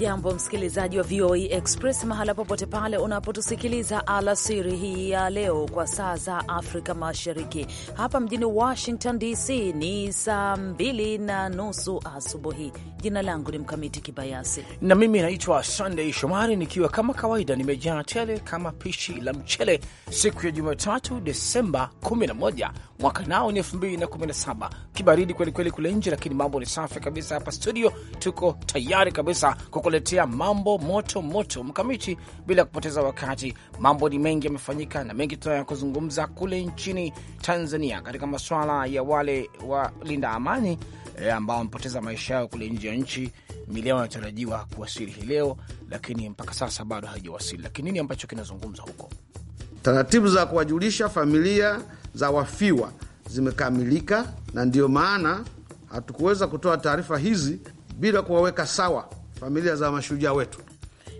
Hujambo msikilizaji wa VOA e Express mahala popote pale unapotusikiliza alasiri hii ya leo kwa saa za Afrika Mashariki. Hapa mjini Washington DC ni saa mbili na nusu asubuhi. Jina langu ni Mkamiti Kibayasi na mimi naitwa Sunday Shomari, nikiwa kama kawaida nimejaa tele kama pishi la mchele siku ya Jumatatu, Desemba 11 mwaka nao ni 2017. Kibaridi kweli kweli kule nje, lakini mambo ni safi kabisa hapa studio. Tuko tayari kabisa kukuletea mambo moto moto mkamiti, bila kupoteza wakati. Mambo ni mengi yamefanyika na mengi tunayo kuzungumza kule nchini Tanzania, katika masuala ya wale walinda amani e, ambao wamepoteza maisha yao kule nje ya nchi. Milioni wanatarajiwa kuwasili hii leo, lakini mpaka sasa bado hajawasili. Lakini nini ambacho kinazungumza huko, taratibu za kuwajulisha familia za wafiwa zimekamilika, na ndiyo maana hatukuweza kutoa taarifa hizi bila kuwaweka sawa familia za mashujaa wetu.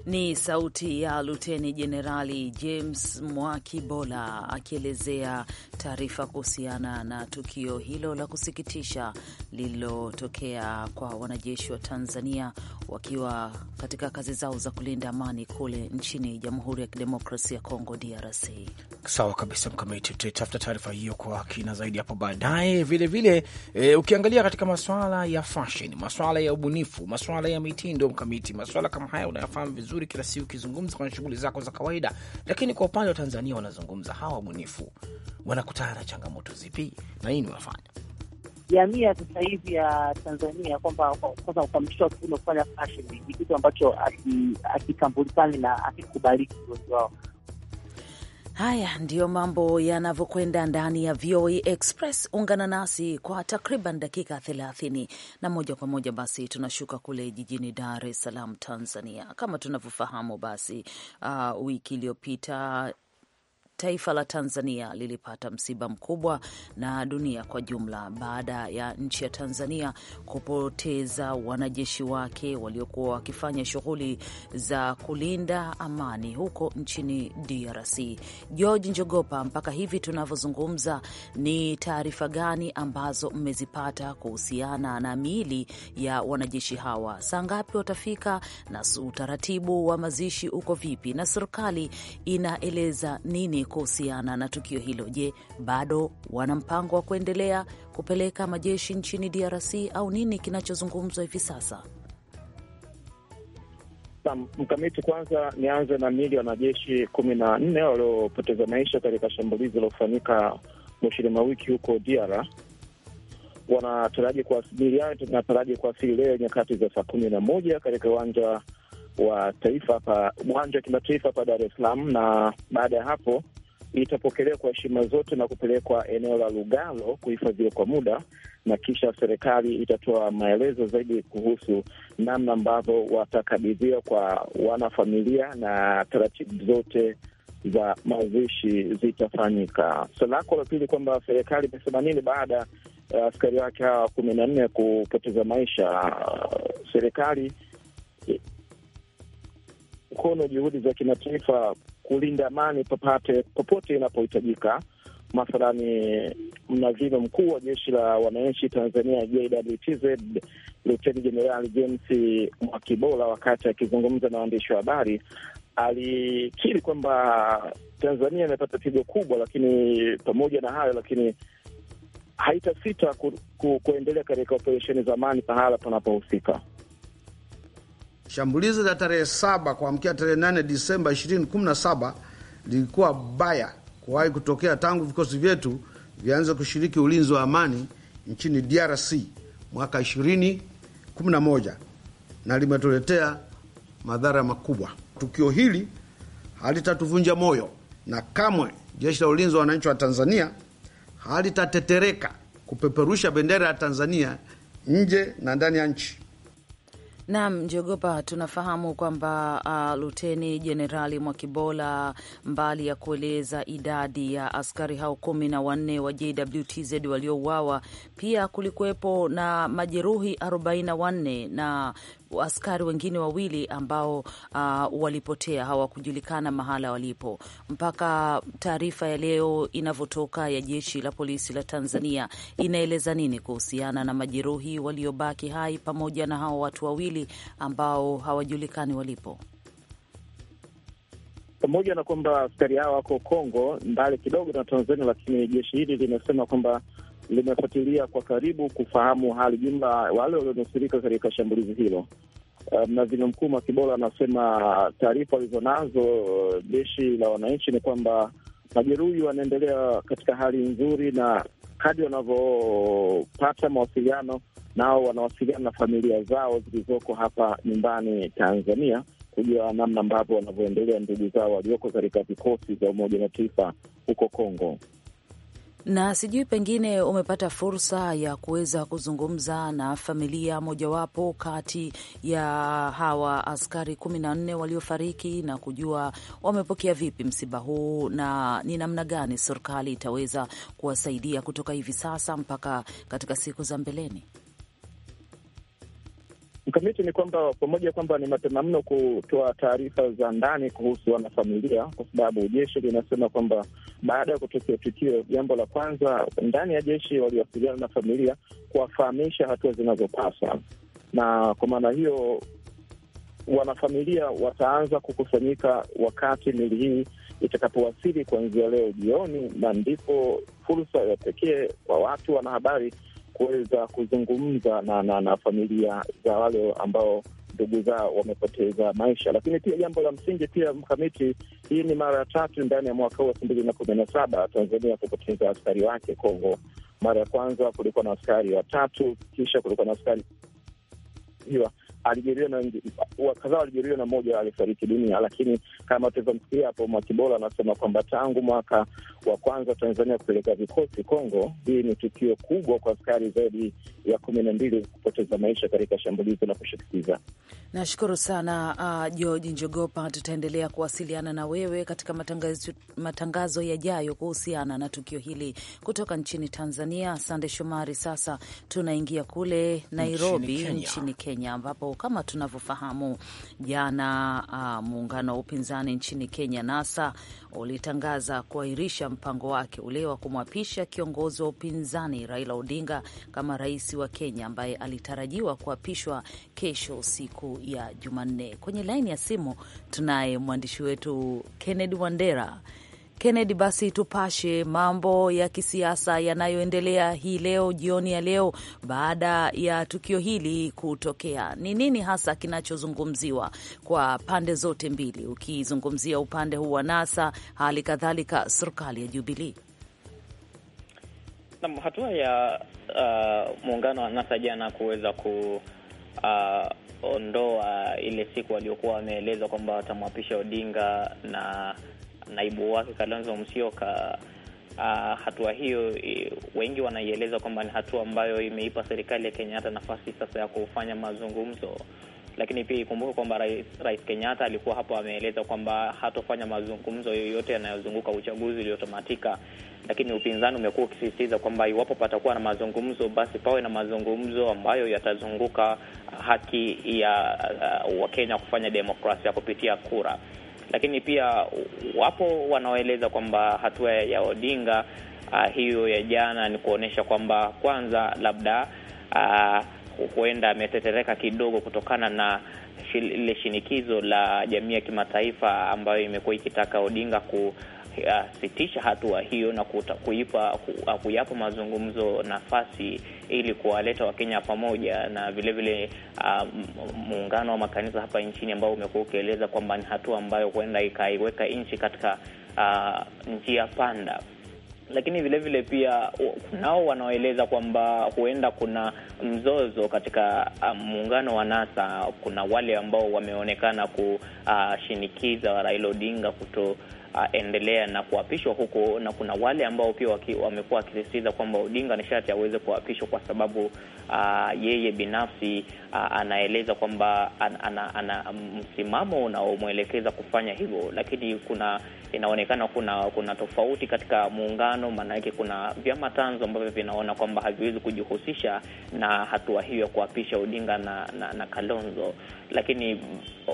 Ni sauti ya Luteni Jenerali James Mwakibola akielezea taarifa kuhusiana na tukio hilo la kusikitisha lililotokea kwa wanajeshi wa Tanzania wakiwa katika kazi zao za kulinda amani kule nchini Jamhuri ya Kidemokrasia ya Kongo, DRC. Sawa kabisa, Mkamiti, tutaitafuta taarifa hiyo kwa kina zaidi hapo baadaye. Vilevile e, ukiangalia katika maswala ya fashion, maswala ya ubunifu, maswala ya mitindo, Mkamiti, maswala kama haya unayafahamu vizuri vizuri kila siku ukizungumza kwenye shughuli zako za kawaida, lakini kwa upande wa Tanzania wanazungumza hawa wabunifu wanakutana na changamoto zipi na nini wanafanya? Jamii ya sasa hivi ya Tanzania kwamba kwanza ukamisha wa kiume kufanya fashion ni kitu ambacho akitambulikani na akikubaliki wengi wao Haya ndiyo mambo yanavyokwenda ndani ya VOA Express. Ungana nasi kwa takriban dakika thelathini na moja kwa moja. Basi tunashuka kule jijini Dar es Salaam, Tanzania. Kama tunavyofahamu, basi uh, wiki iliyopita taifa la Tanzania lilipata msiba mkubwa na dunia kwa jumla baada ya nchi ya Tanzania kupoteza wanajeshi wake waliokuwa wakifanya shughuli za kulinda amani huko nchini DRC. George Njogopa, mpaka hivi tunavyozungumza, ni taarifa gani ambazo mmezipata kuhusiana na miili ya wanajeshi hawa? Saa ngapi watafika na utaratibu wa mazishi uko vipi, na serikali inaeleza nini kuhusiana na tukio hilo. Je, bado wana mpango wa kuendelea kupeleka majeshi nchini DRC au nini kinachozungumzwa hivi sasa? Mkamiti, kwanza nianze na mili ya wanajeshi kumi na nne waliopoteza maisha katika shambulizi lilofanyika mwishoni mwa wiki huko DR. Wanataraji kuwasili yao tunataraji kuwasili leo nyakati za saa kumi na moja katika uwanja wa taifa hapa, uwanja wa kimataifa hapa Dar es Salaam, na baada ya hapo itapokelewa kwa heshima zote na kupelekwa eneo la Lugalo kuhifadhiwa kwa muda, na kisha serikali itatoa maelezo zaidi kuhusu namna ambavyo watakabidhiwa kwa wanafamilia na taratibu zote za mazishi zitafanyika. Swali lako la pili kwamba serikali imesema nini baada ya uh, askari wake hawa kumi na nne kupoteza maisha. Uh, serikali mkono juhudi za kimataifa kulinda amani popote popote inapohitajika. Mathalani, mnadhimu mkuu wa jeshi la wananchi Tanzania JWTZ Luteni Jenerali James Mwakibola, wakati akizungumza na waandishi wa habari, alikiri kwamba Tanzania imepata pigo kubwa, lakini pamoja na hayo lakini haitasita ku, ku, kuendelea katika operesheni za amani pahala panapohusika. Shambulizi la tarehe saba kuamkia tarehe nane Disemba 2017 lilikuwa baya kuwahi kutokea tangu vikosi vyetu vianze kushiriki ulinzi wa amani nchini DRC mwaka 2011 na limetuletea madhara makubwa. Tukio hili halitatuvunja moyo na kamwe jeshi la ulinzi wa wananchi wa Tanzania halitatetereka kupeperusha bendera ya Tanzania nje na ndani ya nchi. Naam, Njogopa, tunafahamu kwamba uh, Luteni Jenerali Mwakibola, mbali ya kueleza idadi ya askari hao kumi na wanne wa JWTZ waliouawa, pia kulikuwepo na majeruhi 44 na askari wengine wawili ambao uh, walipotea hawakujulikana mahala walipo. Mpaka taarifa ya leo inavyotoka ya jeshi la polisi la Tanzania inaeleza nini kuhusiana na majeruhi waliobaki hai pamoja na hawa watu wawili ambao hawajulikani walipo? Pamoja na kwamba askari hao wako Kongo mbali kidogo na Tanzania, lakini jeshi hili limesema kwamba limefuatilia kwa karibu kufahamu hali jumla wale walionusurika katika shambulizi hilo. Mnadhimu um, mkuu Makibola anasema taarifa walizonazo uh, jeshi la wananchi ni kwamba majeruhi wanaendelea katika hali nzuri, na kadi wanavyopata mawasiliano nao wanawasiliana na familia zao zilizoko hapa nyumbani Tanzania kujua namna ambavyo wanavyoendelea ndugu zao walioko katika vikosi vya Umoja wa Mataifa huko Kongo. Na sijui pengine umepata fursa ya kuweza kuzungumza na familia mojawapo kati ya hawa askari kumi na nne waliofariki na kujua wamepokea vipi msiba huu na ni namna gani serikali itaweza kuwasaidia kutoka hivi sasa mpaka katika siku za mbeleni. Mkamiti ni kwamba pamoja kwamba ni mapema mno kutoa taarifa za ndani kuhusu wanafamilia, kwa sababu jeshi linasema kwamba baada ya kutokea tukio, jambo la kwanza ndani ya jeshi waliwasiliana na familia kuwafahamisha hatua zinazopaswa, na kwa maana hiyo wanafamilia wataanza kukusanyika wakati mili hii itakapowasili kuanzia leo jioni, na ndipo fursa ya pekee kwa watu wanahabari kuweza kuzungumza na, na, na familia za wale ambao ndugu zao wamepoteza maisha. Lakini pia jambo la msingi pia mkamiti, hii ni mara ya tatu ndani ya mwaka huu elfu mbili na kumi na saba Tanzania kupoteza askari wake Kongo. Mara ya kwanza kulikuwa na askari watatu, kisha kulikuwa na askari alijeruhiwa na kadhaa walijeruhiwa na mmoja alifariki dunia. Lakini kama tulivyomsikia hapo, Mwakibola anasema kwamba tangu mwaka wa kwanza Tanzania kupeleka vikosi Kongo, hii ni tukio kubwa kwa askari zaidi ya kumi na mbili kupoteza maisha katika shambulizi la kushitikiza Nashukuru sana uh, George Njogopa, tutaendelea kuwasiliana na wewe katika matangazo, matangazo yajayo kuhusiana na tukio hili kutoka nchini Tanzania. Sande Shomari, sasa tunaingia kule Nairobi nchini Kenya, nchini Kenya ambapo kama tunavyofahamu, jana uh, muungano wa upinzani nchini Kenya NASA ulitangaza kuahirisha mpango wake ule wa kumwapisha kiongozi wa upinzani Raila Odinga kama rais wa Kenya ambaye alitarajiwa kuapishwa kesho siku ya Jumanne. Kwenye laini ya simu tunaye mwandishi wetu Kennedy Wandera. Kennedy, basi tupashe mambo ya kisiasa yanayoendelea hii leo, jioni ya leo, baada ya tukio hili kutokea. Ni nini hasa kinachozungumziwa kwa pande zote mbili, ukizungumzia upande huu wa NASA, hali kadhalika serikali ya Jubilii? Nam, hatua ya uh, muungano wa NASA jana kuweza kuondoa uh, ile siku waliokuwa wameeleza kwamba watamwapisha Odinga na naibu wake Kalonzo Musyoka. Uh, hatua hiyo wengi wanaieleza kwamba ni hatua ambayo imeipa serikali ya Kenyatta nafasi sasa ya kufanya mazungumzo, lakini pia ikumbuke kwamba rais, rais Kenyatta alikuwa hapo ameeleza kwamba hatofanya mazungumzo yoyote yanayozunguka uchaguzi uliotamatika, lakini upinzani umekuwa ukisisitiza kwamba iwapo patakuwa na mazungumzo, basi pawe na mazungumzo ambayo yatazunguka haki ya uh, ah, Wakenya kufanya demokrasia kupitia kura lakini pia wapo wanaoeleza kwamba hatua ya Odinga uh, hiyo ya jana ni kuonyesha kwamba kwanza, labda uh, huenda ametetereka kidogo kutokana na lile shinikizo la jamii ya kimataifa ambayo imekuwa ikitaka Odinga ku kusitisha hatua hiyo na kuta, kuipa, ku, ah, kuyapa mazungumzo nafasi ili kuwaleta Wakenya pamoja na vilevile ah, muungano um, wa makanisa hapa nchini ambao umekuwa ukieleza kwamba ni hatua ambayo huenda ikaiweka nchi katika uh, njia panda lakini vilevile vile pia kunao wanaoeleza kwamba huenda kuna mzozo katika ah, muungano wa NASA. Kuna wale ambao wameonekana kushinikiza ah, Raila Odinga kuto Uh, endelea na kuapishwa huko, na kuna wale ambao pia wamekuwa wakisisitiza kwamba Odinga ni sharti aweze kuapishwa kwa sababu uh, yeye binafsi uh, anaeleza kwamba ana, ana, ana msimamo unaomwelekeza kufanya hivyo, lakini kuna inaonekana kuna kuna tofauti katika muungano. Maana yake kuna vyama tanzo ambavyo vinaona kwamba haviwezi kujihusisha na hatua hiyo ya kuapisha Odinga na, na, na Kalonzo, lakini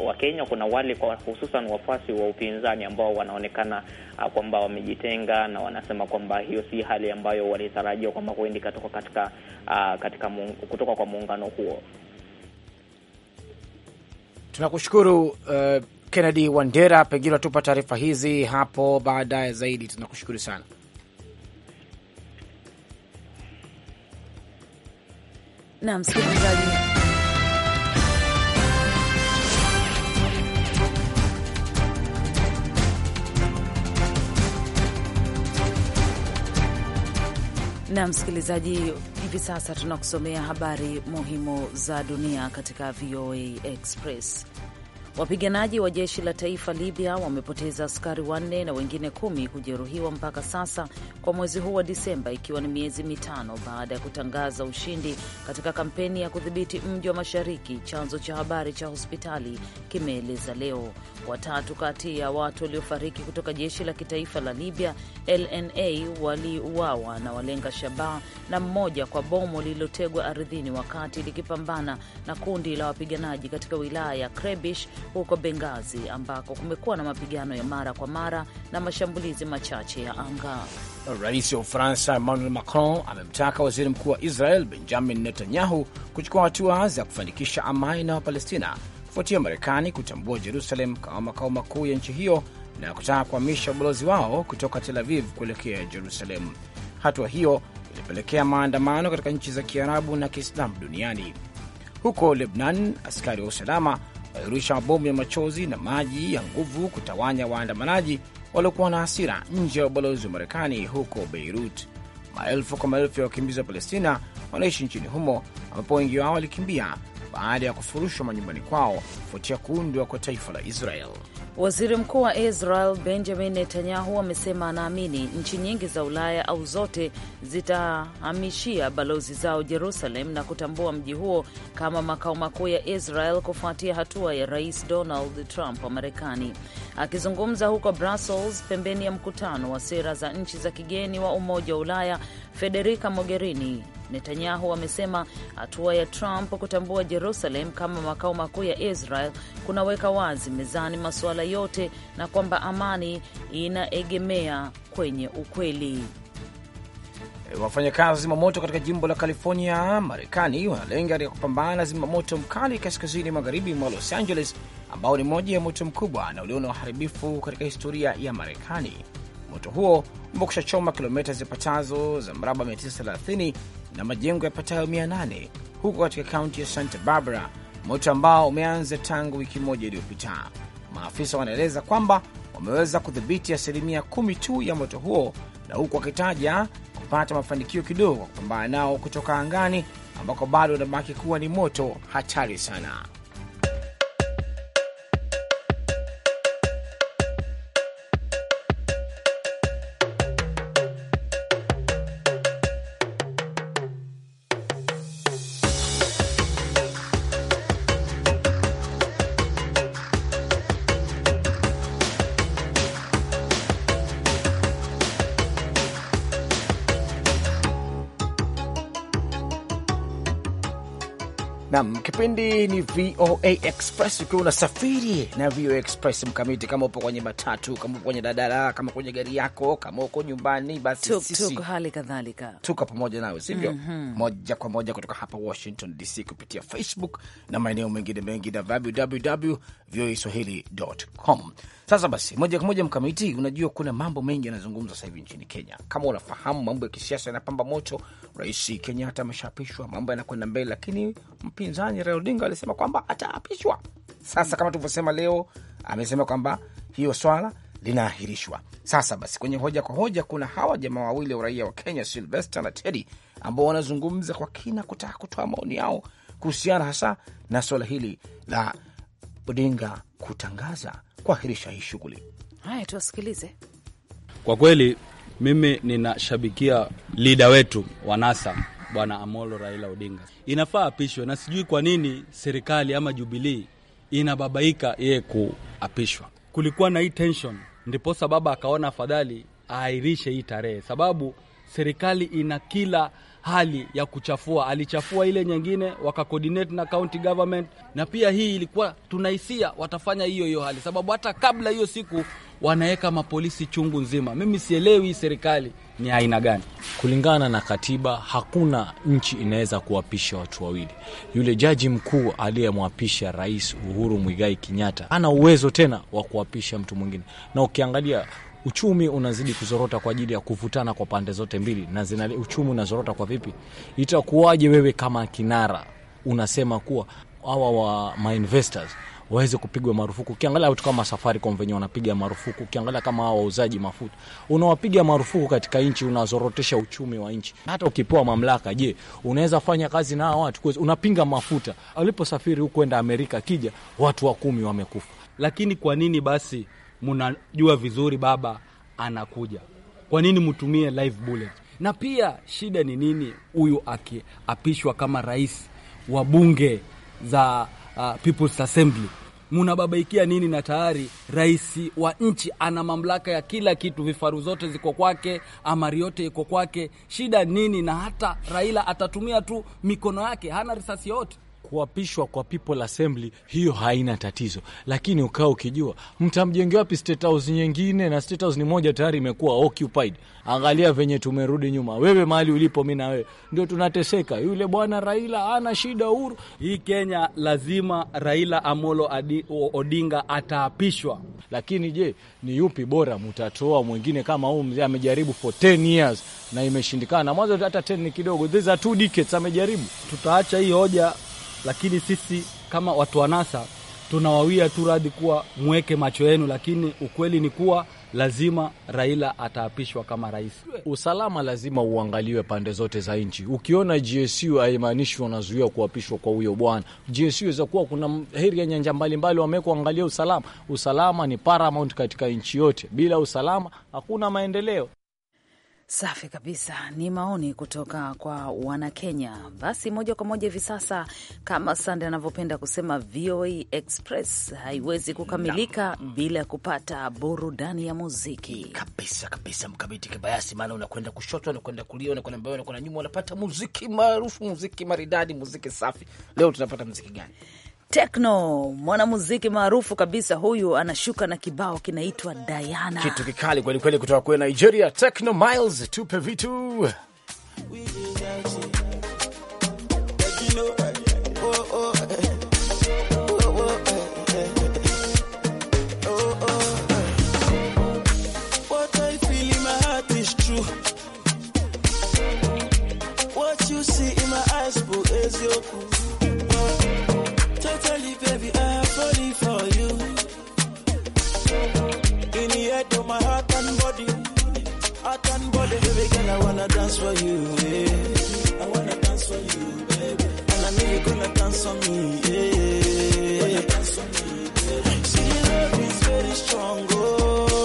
Wakenya kuna wale kwa hususan wafuasi wa upinzani ambao wanaonekana ah, kwamba wamejitenga na wanasema kwamba hiyo si hali ambayo walitarajia kwamba huendi kutoka katika, ah, katika muung, kutoka kwa muungano huo. Tunakushukuru uh, Kennedy Wandera, pengine watupa taarifa hizi hapo baadaye zaidi. Tunakushukuru sana. msikilizaji na msikilizaji, hivi sasa tunakusomea habari muhimu za dunia katika VOA Express. Wapiganaji wa jeshi la taifa Libya wamepoteza askari wanne na wengine kumi kujeruhiwa mpaka sasa kwa mwezi huu wa Disemba, ikiwa ni miezi mitano baada ya kutangaza ushindi katika kampeni ya kudhibiti mji wa mashariki, chanzo cha habari cha hospitali kimeeleza leo. Watatu kati ya watu waliofariki kutoka jeshi la kitaifa la Libya LNA waliuawa na walenga shabaha na mmoja kwa bomu lililotegwa ardhini wakati likipambana na kundi la wapiganaji katika wilaya ya Krebish huko Bengazi ambako kumekuwa na mapigano ya mara kwa mara na mashambulizi machache ya anga. Rais wa Ufaransa Emmanuel Macron amemtaka waziri mkuu wa Israel Benjamin Netanyahu kuchukua hatua za kufanikisha amani na Wapalestina kufuatia Marekani kutambua Jerusalem kama makao makuu ya nchi hiyo na kutaka kuhamisha ubalozi wao kutoka Tel Aviv kuelekea jerusalemu Hatua hiyo ilipelekea maandamano katika nchi za Kiarabu na Kiislamu duniani. Huko Lebnan, askari wa usalama walirusha mabomu ya machozi na maji ya nguvu kutawanya waandamanaji waliokuwa na hasira nje ya ubalozi wa Marekani huko Beirut. Maelfu kwa maelfu ya wakimbizi wa Palestina wanaishi nchini humo, ambapo wengi wao walikimbia baada ya kufurushwa manyumbani kwao kufuatia kuundwa kwa taifa la Israel. Waziri Mkuu wa Israel Benjamin Netanyahu amesema anaamini nchi nyingi za Ulaya au zote zitahamishia balozi zao Jerusalem na kutambua mji huo kama makao makuu ya Israel kufuatia hatua ya Rais Donald Trump wa Marekani. Akizungumza huko Brussels pembeni ya mkutano wa sera za nchi za kigeni wa Umoja wa Ulaya Federica Mogherini. Netanyahu amesema hatua ya Trump kutambua Jerusalem kama makao makuu ya Israel kunaweka wazi mezani masuala yote na kwamba amani inaegemea kwenye ukweli. Wafanyakazi wa zimamoto katika jimbo la California, Marekani, wanalenga katika kupambana na zimamoto mkali kaskazini magharibi mwa Los Angeles, ambao ni moja ya moto mkubwa na ulio na uharibifu katika historia ya Marekani. Moto huo umekusha choma kilomita zipatazo za mraba 930 na majengo yapatayo 800 huko katika kaunti ya Santa Barbara, moto ambao umeanza tangu wiki moja iliyopita. Maafisa wanaeleza kwamba wameweza kudhibiti asilimia kumi tu ya moto huo, na huku wakitaja kupata mafanikio kidogo kupambana nao kutoka angani, ambako bado unabaki kuwa ni moto hatari sana. kipindi ni VOA Express, ukiwa unasafiri na VOA Express mkamiti. Kama upo kwenye matatu, kama upo kwenye dadala, kama kwenye gari yako, kama uko nyumbani, basi tuk, sisi tuk, hali kadhalika tuko pamoja nawe, sivyo? mm -hmm. Moja kwa moja kutoka hapa Washington DC kupitia Facebook na maeneo mengine mengi na www voa swahili.com sasa basi, moja kwa moja mkamiti, unajua kuna mambo mengi yanazungumzwa sasa hivi nchini Kenya. Kama unafahamu, mambo ya kisiasa yanapamba moto. Rais Kenyatta ameshaapishwa, mambo yanakwenda mbele, lakini mpinzani Raila Odinga alisema kwamba ataapishwa. Sasa kama tulivyosema leo, amesema kwamba hiyo swala linaahirishwa. Sasa basi, kwenye hoja kwa hoja kuna hawa jamaa wawili wa uraia wa Kenya, Sylvester na Teddy, ambao wanazungumza kwa kina kutaka kutoa maoni yao kuhusiana hasa na swala hili la Odinga kutangaza kuahirisha hii shughuli. Haya, tuwasikilize. Kwa kweli mimi ninashabikia lida wetu wa NASA Bwana Amolo Raila Odinga, inafaa apishwe, na sijui kwa nini serikali ama Jubilii inababaika yeye kuapishwa. Kulikuwa na hii tension, ndiposa baba akaona afadhali aahirishe hii tarehe, sababu serikali ina kila hali ya kuchafua. Alichafua ile nyingine, wakacoordinate na county government, na pia hii ilikuwa tunahisia watafanya hiyo hiyo hali, sababu hata kabla hiyo siku wanaweka mapolisi chungu nzima. Mimi sielewi serikali ni aina gani. Kulingana na katiba, hakuna nchi inaweza kuwapisha watu wawili. Yule jaji mkuu aliyemwapisha Rais Uhuru Mwigai Kenyatta ana uwezo tena wa kuwapisha mtu mwingine, na ukiangalia uchumi unazidi kuzorota kwa ajili ya kuvutana kwa pande zote mbili, na zina uchumi unazorota kwa vipi, itakuwaje wewe kama kinara unasema kuwa hawa wa my investors waweze kupigwa marufuku. Ukiangalia watu kama Safaricom venye wanapiga marufuku, ukiangalia kama hawa wauzaji mafuta, unawapiga marufuku katika nchi, unazorotesha uchumi wa nchi. Hata ukipewa mamlaka, je, unaweza fanya kazi na hawa watu? Unapinga mafuta. Aliposafiri huku kwenda Amerika, akija watu wa kumi wamekufa. Lakini kwa nini basi mnajua vizuri baba anakuja, kwa nini mtumie live bullet? Na pia shida ni nini huyu akiapishwa kama rais wa bunge za uh, People's Assembly munababaikia nini? Na tayari rais wa nchi ana mamlaka ya kila kitu, vifaru zote ziko kwake, amari yote iko kwake. Shida nini? Na hata Raila atatumia tu mikono yake, hana risasi yote kuapishwa kwa People Assembly hiyo haina tatizo, lakini ukaa ukijua mtamjenge wapi State House nyingine, na State House ni moja tayari imekuwa occupied. Angalia venye tumerudi nyuma, wewe mahali ulipo, mi na wewe ndio tunateseka. Yule bwana Raila ana shida uhuru hii Kenya, lazima Raila Amolo Adi, Odinga ataapishwa. Lakini je, ni yupi bora? Mtatoa mwingine kama huyu mzee amejaribu for 10 years na imeshindikana, mwanzo hata 10 ni kidogo, these are two decades amejaribu. Tutaacha hii hoja lakini sisi kama watu wa NASA tunawawia tu radhi kuwa mweke macho yenu, lakini ukweli ni kuwa lazima Raila ataapishwa kama rais. Usalama lazima uangaliwe pande zote za nchi. Ukiona GSU haimaanishi wanazuia kuapishwa kwa huyo bwana. GSU inaweza kuwa kuna heri ya nyanja mbalimbali wamewekwa, angalia usalama. Usalama ni paramount katika nchi yote, bila usalama hakuna maendeleo. Safi kabisa, ni maoni kutoka kwa Wanakenya. Basi moja kwa moja hivi sasa, kama Sande anavyopenda kusema, VOA Express haiwezi kukamilika na mm. bila kupata burudani ya muziki kabisa kabisa. Mkamiti kibayasi, maana unakwenda kushoto, unakwenda kulia, unakwenda mbele, unakwenda nyuma, unapata muziki maarufu, muziki maridadi, muziki safi. Leo tunapata muziki gani? Tekno, mwanamuziki maarufu kabisa huyu, anashuka na kibao kinaitwa Diana, kitu kikali kwelikweli kutoka kule Nigeria. Tekno Miles, tupe vitu totally, baby, I'm falling for you. In the head of my heart and body, heart and body, baby girl, I wanna dance for you, yeah. I wanna dance for you, baby, and I know you're gonna dance for me, yeah. Dance for me, baby. See, love is very strong, oh.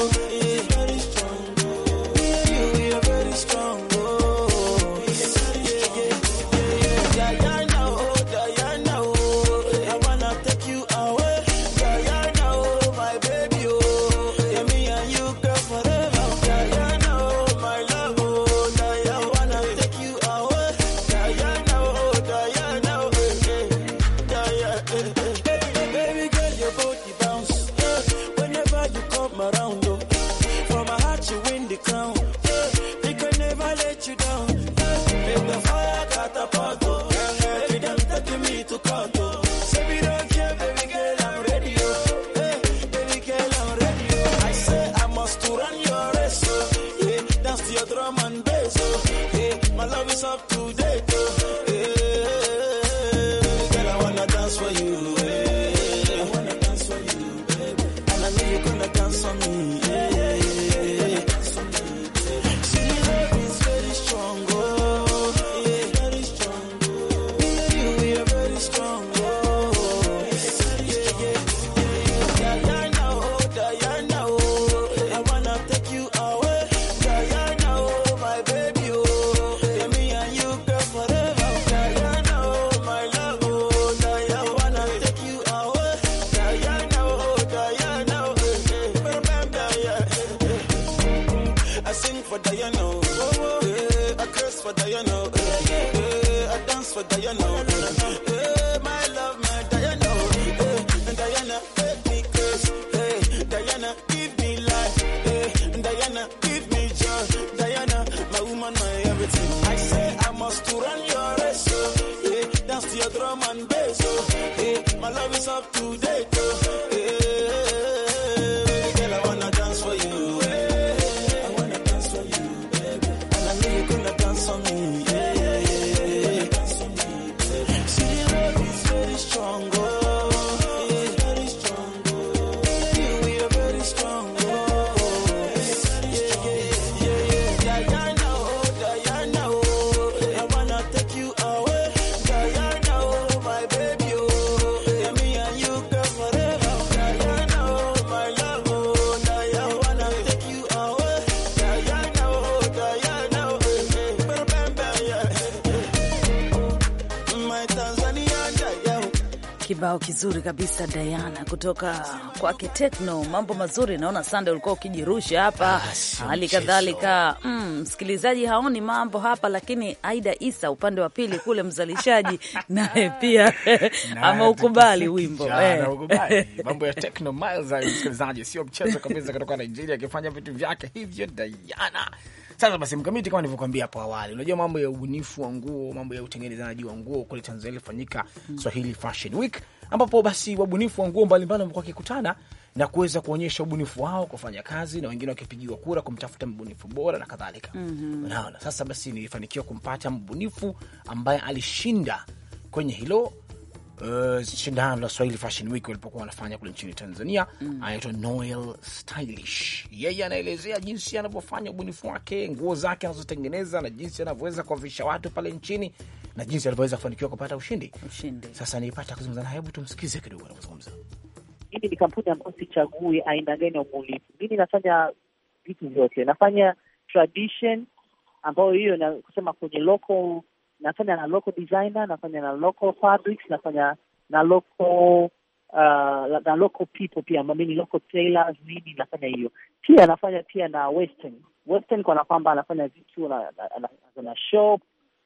for Diana. Oh, yeah, oh, I eh. curse for Diana. Yeah, oh, yeah, I eh, dance for Diana. Yeah. Oh, eh. kibao kizuri kabisa Diana kutoka kwake Tekno. Mambo mazuri, naona Sande ulikuwa ukijirusha hapa. Ah, Hali kadhalika mm, msikilizaji mm, haoni mambo hapa, lakini Aida Isa upande wa pili kule mzalishaji naye pia ameukubali wimbo eh. mambo ya Tekno Msikilizaji, sio mchezo kabisa, kutoka Nigeria akifanya vitu vyake hivyo Diana. Sasa basi, mkamiti, kama nilivyokuambia hapo awali, unajua mambo ya ubunifu wa nguo, mambo ya utengenezaji wa nguo kule Tanzania ilifanyika mm. Swahili Fashion Week ambapo basi wabunifu wa nguo mbalimbali wamekuwa wakikutana na kuweza kuonyesha ubunifu wao kufanya kazi na wengine wakipigiwa kura kumtafuta mbunifu bora na kadhalika. mm -hmm. Naona sasa basi nilifanikiwa kumpata mbunifu ambaye alishinda kwenye hilo Uh, shindano la Swahili Fashion Week walipokuwa wanafanya kule nchini Tanzania mm. Anaitwa Noel Stylish. Yeye anaelezea jinsi anavyofanya ubunifu wake, nguo zake anazotengeneza na jinsi anavyoweza kuwavisha watu pale nchini na jinsi alivyoweza kufanikiwa kupata ushindi. Ushindi sasa nipata kuzungumza naye, hebu tumsikize kidogo anazungumza. Hii ni kampuni ambayo sichagui aina gani ya ubunifu. Mimi nafanya vitu vyote, nafanya tradition ambayo hiyo na kusema kwenye local, nafanya na local designer, nafanya na local fabrics, nafanya na local uh, na local people pia mimi ni local tailors nini, nafanya hiyo pia, nafanya pia na western western, kwa na kwamba anafanya vitu na, na, na, na shop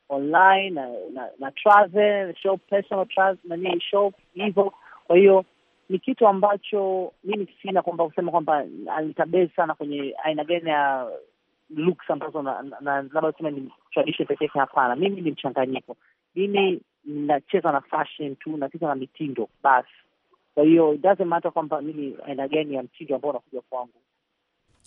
online na na, na travel shop personal travel nini shop hivyo. Kwa hiyo ni kitu ambacho mimi sina kwamba kusema kwamba alitabesi sana kwenye aina gani ya looks ambazo labda tuseme ni tradition pekee yake. Hapana, mimi ni mchanganyiko. Mimi nacheza na fashion tu, nacheza na mitindo basi. Kwa hiyo it doesn't matter kwamba mimi aina gani ya mtindo ambao unakuja kwangu.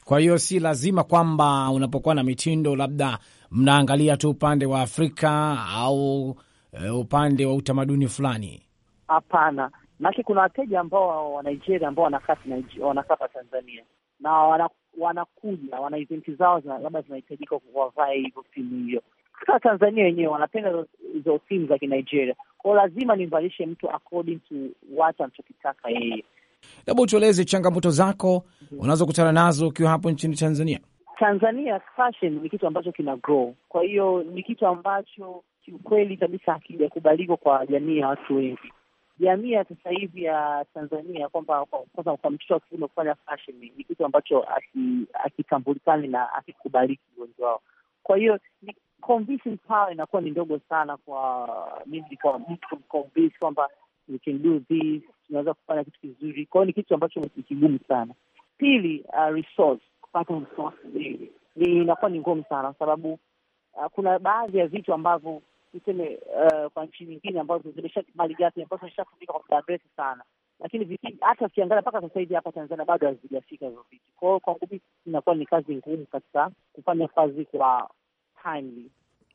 Kwa hiyo si lazima kwamba unapokuwa na mitindo labda mnaangalia tu upande wa Afrika au e, upande wa utamaduni fulani. Hapana, manake kuna wateja ambao wa Nigeria ambao wanakaa wanakapa Tanzania na wanakuja wana eventi zao labda zinahitajika kuwavaa hivyo timu hiyo katika Tanzania wenyewe wanapenda hizo timu za Kinigeria kwao, lazima nimvalishe mtu according to what anachokitaka yeye. Labda tueleze changamoto zako unazokutana nazo ukiwa hapo nchini Tanzania. Tanzania fashion ni kitu ambacho kina grow, kwa hiyo ni kitu ambacho kiukweli kabisa hakijakubaliwa kwa jamii ya watu wengi. Jamii ya sasa hivi ya Tanzania kwamba kwanza kwa mtoto wa kiume kufanya fashion ni kitu ambacho hakitambulikani na akikubaliki wengi wao. Kwa hiyo convincing power inakuwa ni ndogo sana kwa mimi, kwa mtu kwamba we can do this, tunaweza kufanya kitu kizuri kwao. Ni kitu ambacho ni kigumu sana. Pili, uh, resource, kupata resource ni inakuwa ni ngumu sana kwa sababu uh, kuna baadhi ya vitu ambavyo tuseme, uh, kwa nchi nyingine ambazo zimesha gapi ambazo zimeshatumika kwa muda mrefu sana, lakini hata ukiangalia mpaka sasa hivi hapa Tanzania bado hazijafika hizo vitu. Kwa hiyo kwangu inakuwa ni kazi ngumu katika kufanya kazi kwa timely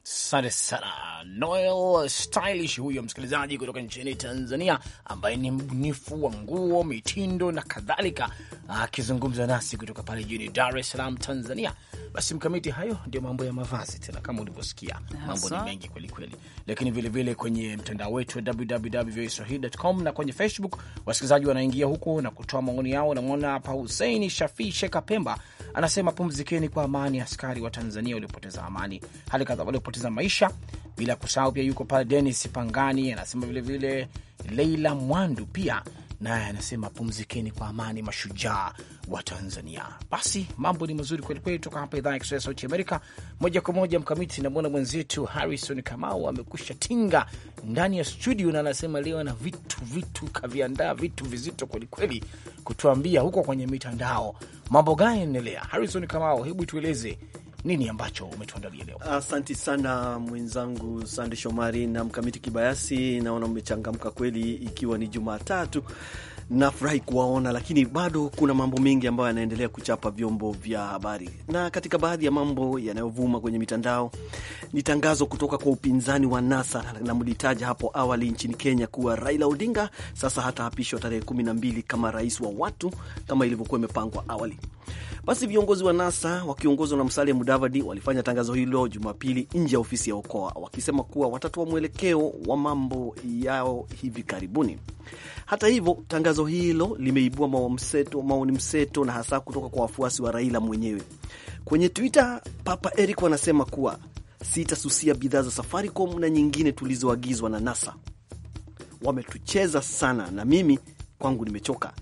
Sante sana Noel Stylish, huyo msikilizaji kutoka nchini Tanzania ambaye ni mbunifu wa nguo, mitindo na kadhalika, akizungumza nasi kutoka pale jijini Dar es Salaam, Tanzania. Basi mkamiti, hayo ndio mambo ya mavazi. Tena kama ulivyosikia, mambo ni mengi kwelikweli, lakini vilevile vile kwenye mtandao wetu wa www.voaswahili.com na kwenye Facebook wasikilizaji wanaingia huko na kutoa maoni yao. Namwona hapa Huseini Shafii Sheka Pemba anasema, pumzikeni kwa amani askari wa Tanzania waliopoteza amani, hali kadhalika kupoteza maisha, bila kusahau pia yuko pale Dennis Pangani anasema vilevile Leila Mwandu pia naye anasema pumzikeni kwa amani, mashujaa wa Tanzania. Basi mambo ni mazuri kwelikweli, toka hapa idhaa ya Kiswahili ya Sauti Amerika moja kwa moja. Mkamiti namwona mwenzetu Harrison Kamau amekusha tinga ndani ya studio, na anasema leo ana vitu vitu kaviandaa vitu vizito kwelikweli kutuambia huko kwenye mitandao mambo gani yanaendelea. Harrison Kamau, hebu tueleze nini ambacho umetuandalia leo? Asanti sana mwenzangu Sande Shomari na Mkamiti Kibayasi, naona umechangamka kweli, ikiwa ni Jumatatu. Nafurahi kuwaona, lakini bado kuna mambo mengi ambayo yanaendelea kuchapa vyombo vya habari, na katika baadhi ya mambo yanayovuma kwenye mitandao ni tangazo kutoka kwa upinzani wa NASA na mlitaja hapo awali nchini Kenya kuwa Raila Odinga sasa hataapishwa tarehe 12 kama rais wa watu kama ilivyokuwa imepangwa awali. Basi viongozi wa NASA wakiongozwa na Musalia Mudavadi walifanya tangazo hilo Jumapili nje ya ofisi ya Okoa wakisema kuwa watatoa mwelekeo wa mambo yao hivi karibuni. Hata hivyo, tangazo hilo limeibua maoni mseto na hasa kutoka kwa wafuasi wa Raila mwenyewe. Kwenye Twitter, Papa Eric wanasema kuwa sitasusia bidhaa za Safaricom na nyingine tulizoagizwa na NASA. Wametucheza sana na mimi kwangu nimechoka.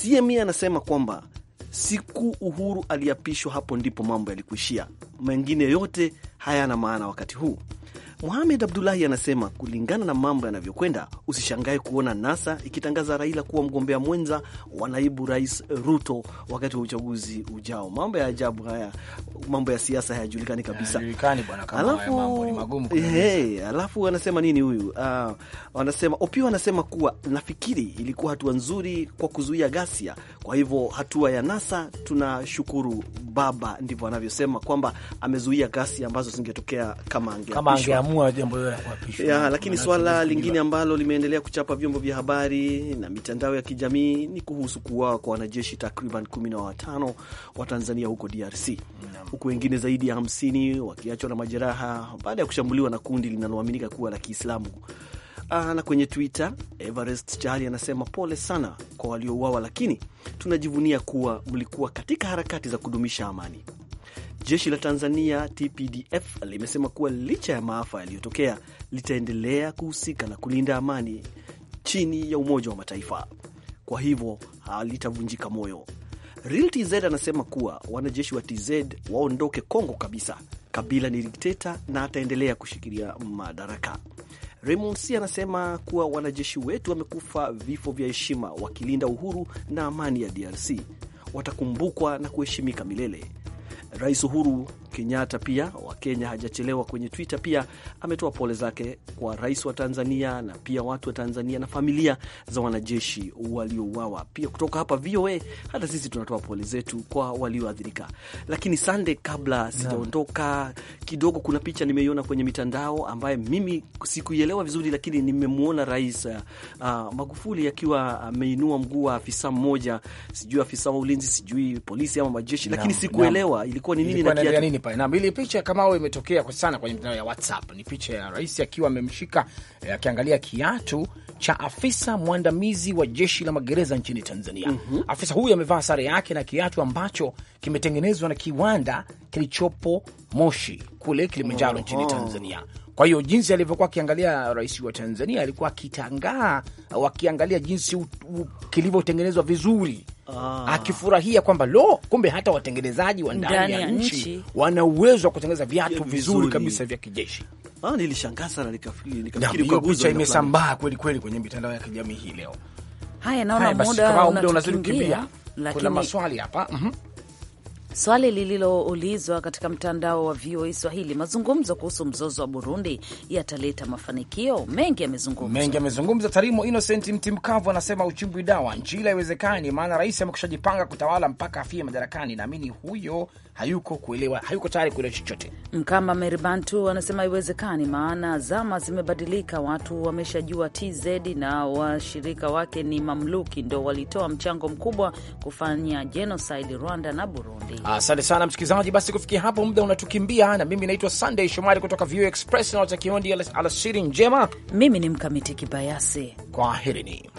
CME anasema kwamba Siku Uhuru aliapishwa, hapo ndipo mambo yalikuishia, mengine yote hayana maana wakati huu. Mohamed Abdullahi anasema kulingana na mambo yanavyokwenda, usishangae kuona NASA ikitangaza Raila kuwa mgombea mwenza wa naibu rais Ruto wakati wa uchaguzi ujao. Mambo ya ajabu haya, mambo ya siasa hayajulikani kabisa. Alafu anasema nini huyu? Uh, wanasema Opio anasema kuwa nafikiri ilikuwa hatua nzuri kwa kuzuia ghasia, kwa hivyo hatua ya NASA tunashukuru baba, ndivyo anavyosema kwamba amezuia ghasia ambazo zingetokea kama angeapishwa wataamua jambo hilo la kuapishwa. Lakini swala lingine ambalo limeendelea kuchapa vyombo vya habari na mitandao ya kijamii ni kuhusu kuuawa kwa wanajeshi takriban kumi na watano wa Tanzania huko DRC, huku wengine zaidi ya hamsini wakiachwa na majeraha baada ya kushambuliwa na kundi linaloaminika kuwa la Kiislamu. Ah, na kwenye Twitter Everest Chali anasema pole sana kwa waliouawa, lakini tunajivunia kuwa mlikuwa katika harakati za kudumisha amani. Jeshi la Tanzania TPDF limesema kuwa licha ya maafa yaliyotokea litaendelea kuhusika na kulinda amani chini ya Umoja wa Mataifa, kwa hivyo halitavunjika moyo. Real TZ anasema kuwa wanajeshi wa TZ waondoke Kongo kabisa. Kabila ni dikteta na ataendelea kushikilia madaraka. Raymond C anasema kuwa wanajeshi wetu wamekufa vifo vya heshima wakilinda uhuru na amani ya DRC, watakumbukwa na kuheshimika milele. Rais Uhuru Kenyatta pia wa Kenya hajachelewa kwenye Twitter, pia ametoa pole zake kwa rais wa Tanzania na pia watu wa Tanzania na familia za wanajeshi waliouawa. Pia kutoka hapa VOA, hata sisi tunatoa pole zetu kwa walioathirika. Lakini Sande, kabla sijaondoka kidogo, kuna picha nimeiona kwenye mitandao ambaye mimi sikuielewa vizuri, lakini nimemwona rais uh, uh, Magufuli akiwa ameinua mguu wa afisa mmoja, sijui afisa wa ulinzi, sijui polisi ama majeshi, lakini sikuelewa ilikuwa ni nini na pale. Na ile picha kamao imetokea kwa sana kwenye mitandao ya WhatsApp. Ni picha ya rais akiwa amemshika eh, akiangalia kiatu cha afisa mwandamizi wa jeshi la magereza nchini Tanzania. mm -hmm. Afisa huyu amevaa sare yake na kiatu ambacho kimetengenezwa na kiwanda kilichopo Moshi kule Kilimanjaro nchini Tanzania. Kwa hiyo jinsi alivyokuwa akiangalia rais wa Tanzania alikuwa akitangaa, wakiangalia jinsi kilivyotengenezwa vizuri ah, akifurahia kwamba lo, kumbe hata watengenezaji wa ndani ya nchi wana uwezo wa kutengeneza viatu vizuri kabisa vya kijeshi. Ah, nilishangaa sana nikafikiri picha imesambaa kweli kweli kwenye mitandao ya kijamii hii leo. Haya, naona muda unazidi kukimbia. Lakini, kuna maswali hapa mm -hmm swali lililoulizwa katika mtandao wa VOA Swahili, mazungumzo kuhusu mzozo wa Burundi yataleta mafanikio mengi. Yamezungumzwa mengi, yamezungumza. Tarimo Innocent mkavu anasema uchimbwi dawa nchi ile haiwezekani, maana rais amekusha jipanga kutawala mpaka afie madarakani. Naamini huyo hayuko kuelewa, hayuko tayari kuelewa chochote. Mkama Meribantu anasema iwezekani, maana zama zimebadilika, watu wameshajua TZ na washirika wake ni mamluki, ndo walitoa mchango mkubwa kufanya genocide Rwanda na Burundi. Asante sana msikilizaji, basi kufikia hapo muda unatukimbia, na mimi naitwa Sunday Shomari kutoka VOA Express na watakiondi alasiri njema. Mimi ni Mkamiti Kibayasi, kwaherini.